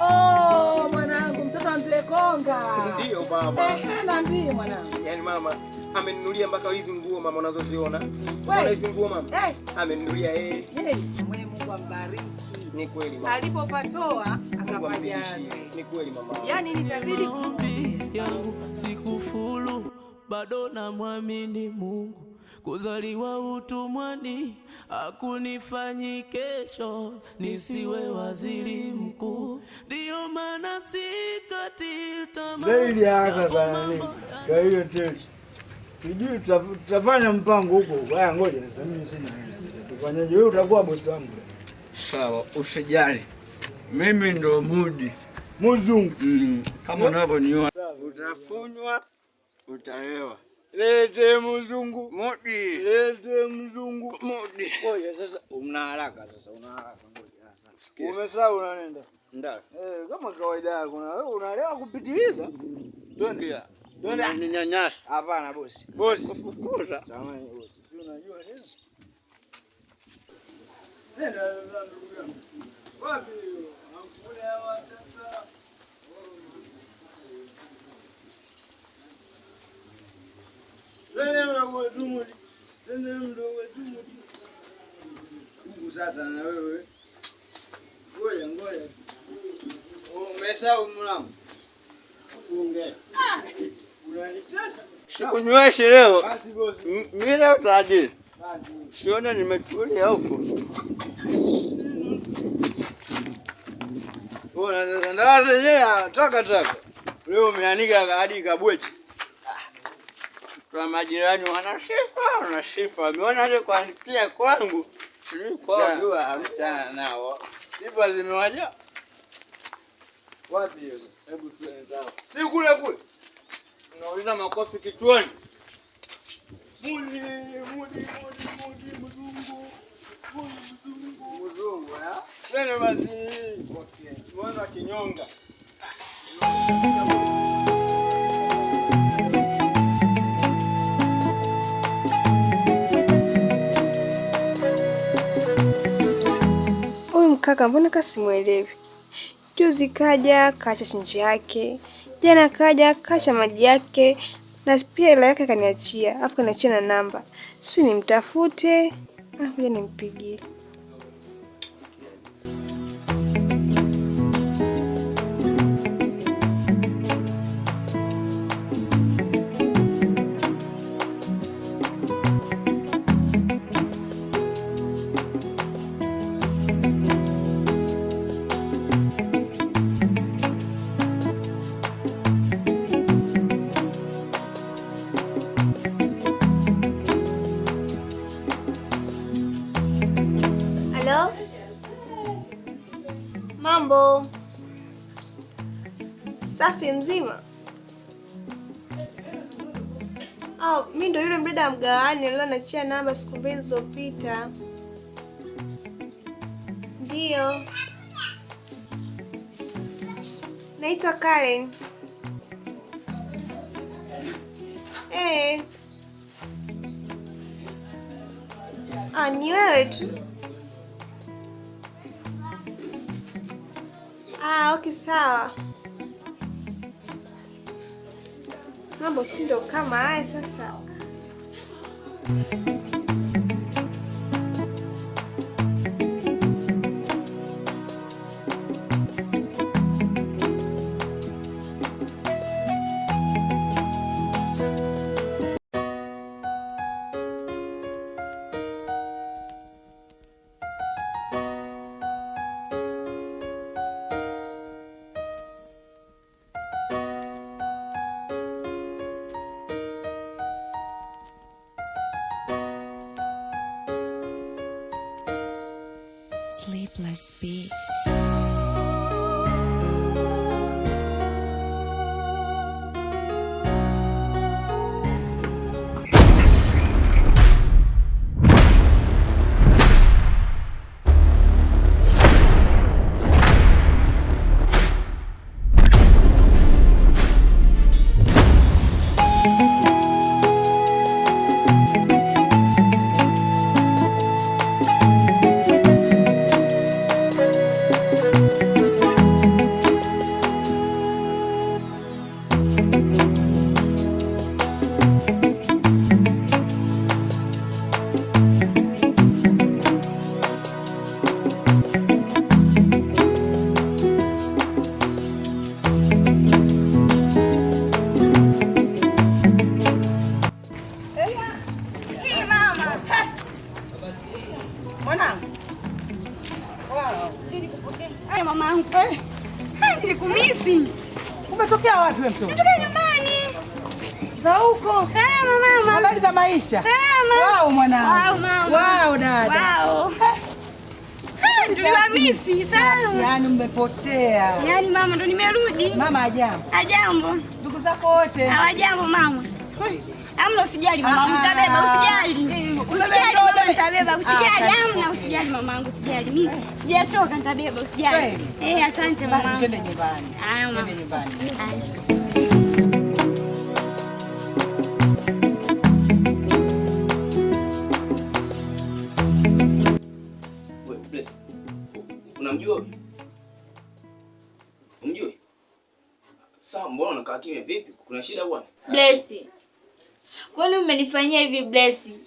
Oh, mwanangu mtoto wa mzee yaani amenunulia mpaka hizi nguo mama unazoziona. hizi nguo mama. amenunulia yeye. Yeye, Mungu ambariki. Ni kweli mama. Alipopatoa akafanya. Ni kweli mama. Yaani nitabidi kumwambia. Sikufulu bado namwamini Mungu kuzaliwa utumwani akunifanyi kesho nisiwe waziri mkuu, ndiyo maana sikati tamaa. Sijui tutafanya mpango huko. Haya, ngoja sasa, mimi sina tufanyaje? Wewe utakuwa bosi wangu. Sawa, usijali, mimi ndo mudi muzungu. Mm, kama unavyoniona utakunywa, utaewa Lete mzungu. Modi. Lete mzungu. Modi. Ngoja sasa una haraka sasa una haraka ngoja ah, sasa. Umesahau unanenda nda Eh, kama kawaida yako na wewe unalewa kupitiliza. Twende. Twende. Ni nyanyasa. Hapana bosi. Bosi. Fukuza. Samahani bosi. Si unajua nini? Nenda sasa ndugu yangu. Wapi? Mungu sasa na wewe. Ngoja ngoja. Umesahau mlamu. Ongea. leo. Mimi leo Sione nimetulia huko. Unataka taka taka. Leo umeanika hadi kabweti kwa majirani wana sifa, wana sifa. Wameona ile kwa pia kwangu, sijui kwa jua amtana nao. Sifa zimewaja Wapi hiyo sasa? Hebu tuende zao. Si kule kule. Unauliza makofi kichwani. Muli, muli, muli, muli, mzungu. Muli, mzungu. Mzungu, ya? Eh? Nene basi. Okay. Mwana kinyonga. Ah, kaka, mbona kaka simuelewi? Juzi kaja kacha chinji yake, jana kaja kacha maji yake, na pia hela yake kaniachia, afu kaniachia na namba, si nimtafute afu ah, nimpigie. Mambo safi, mzima? Oh, mi ndo yule mdada wa mgawani nachia namba siku mbili zilizopita. Ndiyo, naitwa Karen. Hey. Eh. Ah, ni wewe tu Okay, sawa. Mambo si ndo kama haya sasa. Mama yangu eh. nilikumisi. Umetokea wapi wewe mtoto? Nitoka nyumbani. Za huko. Salama mama. Habari za maisha? Salama. Wao mwanangu. Wao dada. Wao. Tuliwamisi eh. sana. Yaani mmepotea. Yaani mama ndo nimerudi. Mama ajambo. Ajambo. Ndugu zako wote. Hawajambo mama. Amna, usijali mama, mtabeba, ah, ah, ah. usijali. Usijali mama, mtabeba, usijali. Amna, usijali mamangu, usijali. Mimi sijachoka, nitabeba, usijali. Eh, asante mama. Twende nyumbani. Haya mama. Twende nyumbani. Unamjua? Unamjua? Sasa mbona unakaa kimya vipi? Kuna shida bwana? Bless. Kwani umenifanyia hivi blessi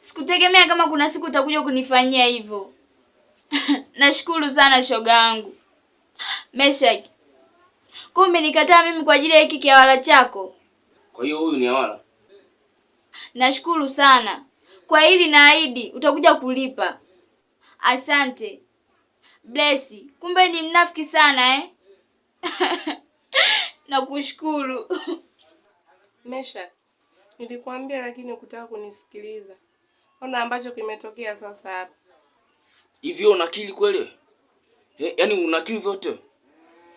Sikutegemea kama kuna siku utakuja kunifanyia hivyo. Nashukuru sana shoga yangu Meshak. Kwa umenikataa mimi kwa ajili ya hiki kiawala chako. Kwa hiyo huyu ni awala. Nashukuru sana kwa hili, naahidi utakuja kulipa. Asante Blessi, kumbe ni mnafiki sana eh? Nakushukuru Meshak. Nilikuambia lakini ukutaka kunisikiliza. Ona ambacho kimetokea sasa hapa. Hivi yaani una akili kweli? He, yaani akili zote?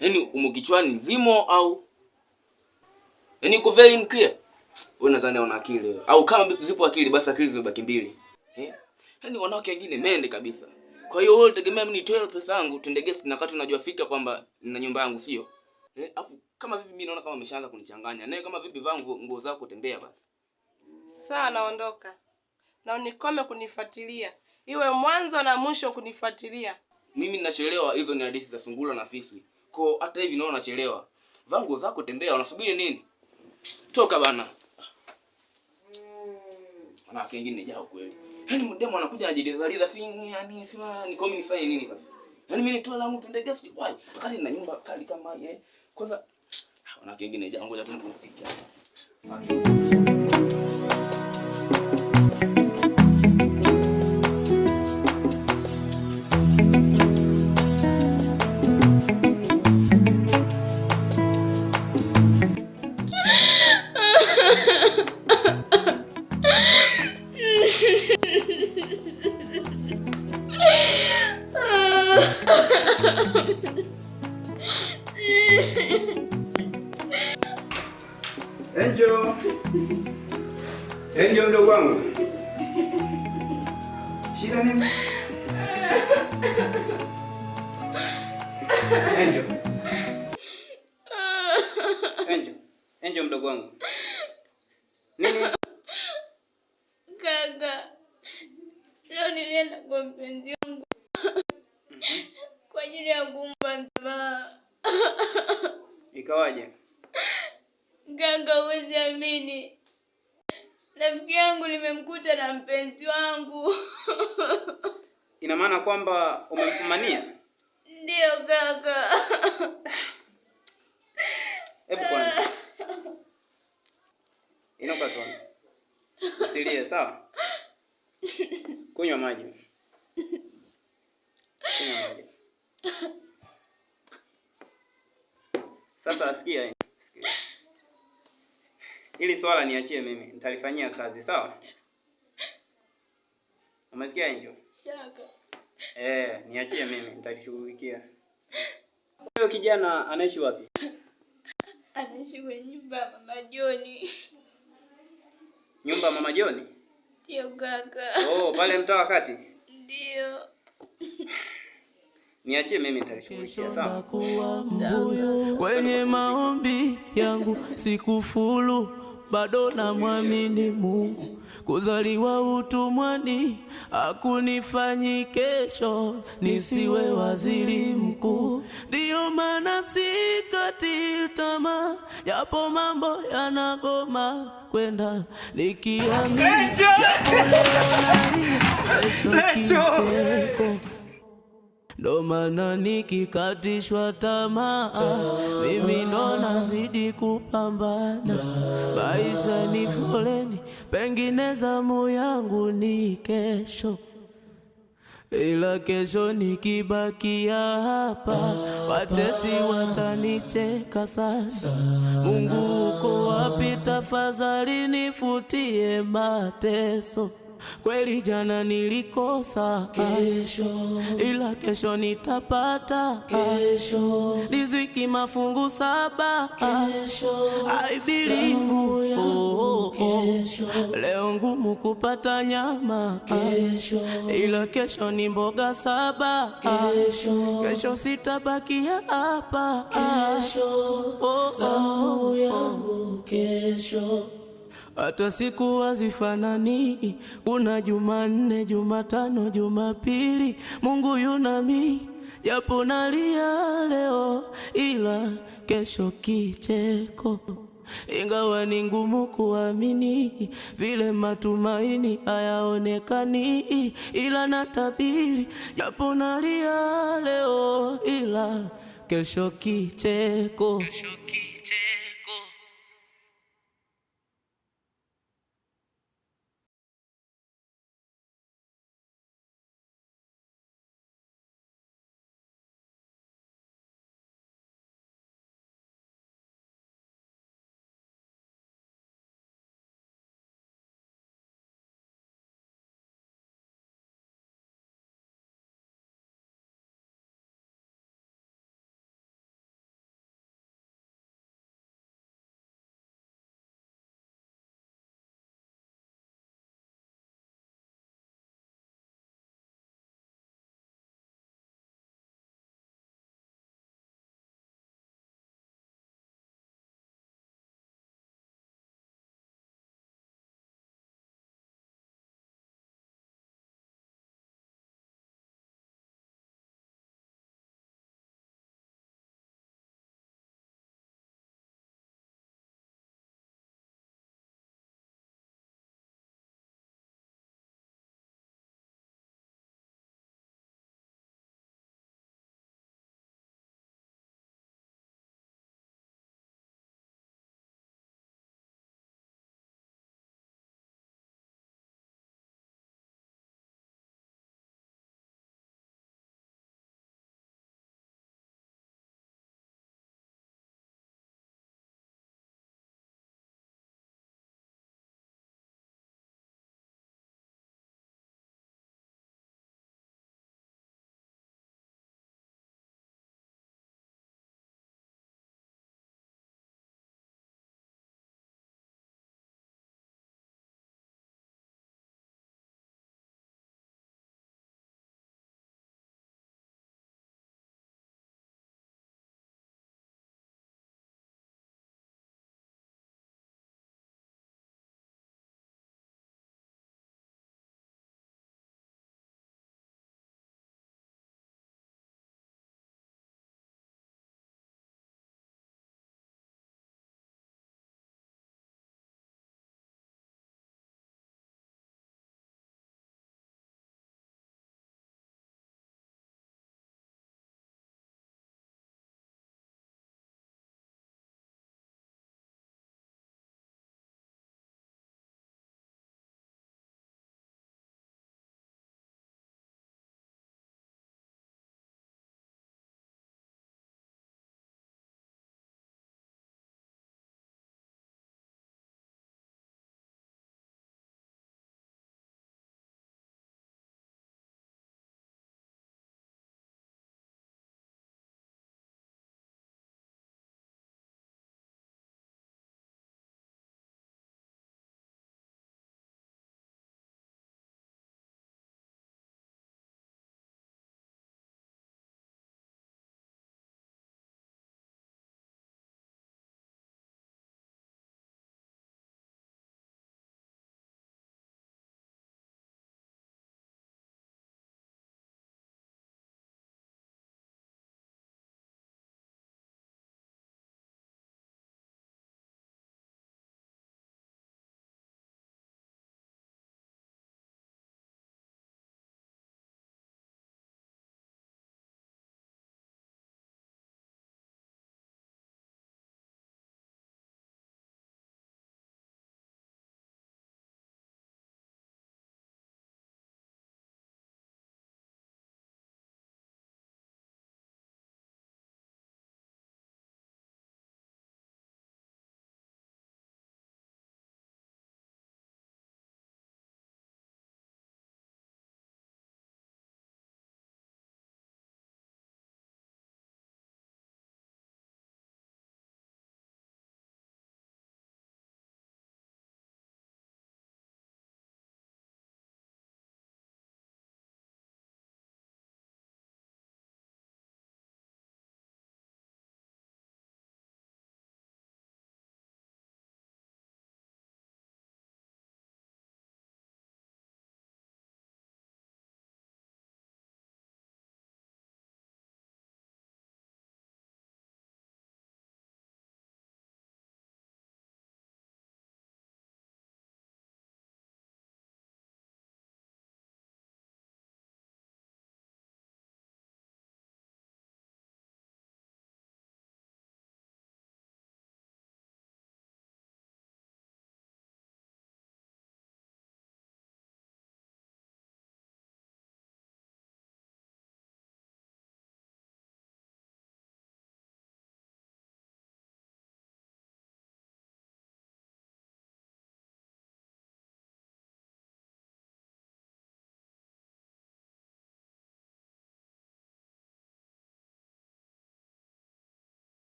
Yaani umekichwani zimo au? Yaani uko very clear? Wewe nadhani una akili wewe. Au kama zipo akili basi akili zimebaki mbili. Eh? Yaani wanawake wengine mende kabisa. Kwa hiyo wewe utegemea mimi nitoe pesa yangu tuende guest na wakati unajua fika kwamba na nyumba yangu sio? Eh, afu kama vipi mimi naona kama ameshaanza kunichanganya. Naye kama vipi vaa nguo zako tembea basi. Sawa naondoka. Na unikome kunifuatilia. Iwe mwanzo na mwisho kunifuatilia. Mimi ninachelewa, hizo ni hadithi za sungura na fisi. Kwa hata hivi naona nachelewa. Vaa nguo zako tembea, unasubiri nini? Toka bana. Ana kingine jao kweli. Yaani mdemo anakuja anajidhaliza fingi, yani sima nikome nifanye nini sasa? Yaani mimi nitoa langu tuendelee sijui. Wakati na nyumba kali kama yeye. Kwanza wanawake wengine jambo la tupumzike. Enjo. Enjo mdogo wangu. Shida nini? Enjo. Enjo. Enjo mdogo wangu. Nini? Kaka. Leo nilienda kwa mpenzi wangu. Mhm. Kwa ajili ya kumpa msamaha. Ikawaje? Mganga, huwezi amini, rafiki yangu nimemkuta na mpenzi wangu. Ina maana kwamba umemfumania? Ndiyo kaka. Hebu kwanza inuka tu, usilie, sawa? Kunywa maji, kunywa maji. Sasa asikia hili swala niachie mimi, nitalifanyia kazi sawa. Umesikia Angel? Shaka. Eh, niachie mimi, nitashughulikia. Huyo kijana anaishi wapi? Anaishi kwenye nyumba ya Mama Joni. Nyumba Mama Joni? Ndio kaka. Oh, pale mtaa wa kati? Ndio. Niachie mimi Kwenye maombi yangu sikufulu, bado namwamini Mungu. Kuzaliwa utumwani akunifanyi kesho nisiwe waziri mkuu. Ndiyo maana sikati tamaa, japo mambo yanagoma kwenda nikiamini Ndo maana nikikatishwa tamaa, mimi ndo nazidi kupambana. Maisha ni foleni, pengine zamu yangu ni kesho, ila kesho nikibakia hapa watesi watanicheka sana. Mungu uko wapi? Tafadhali nifutie mateso. Kweli jana nilikosa kesho, ila kesho nitapata kesho, riziki mafungu saba kesho, I believe oh, oh. Leo ngumu kupata nyama kesho, ila kesho ni mboga saba kesho, kesho sitabakia hapa kesho, oh, oh, oh. Kesho hata siku hazifanani. Kuna Jumanne, Jumatano, Jumapili, Mungu yunami japo nalia leo, ila kesho kicheko. Ingawa ni ngumu kuamini vile matumaini hayaonekani, ila natabiri japo nalia leo, ila kesho kicheko.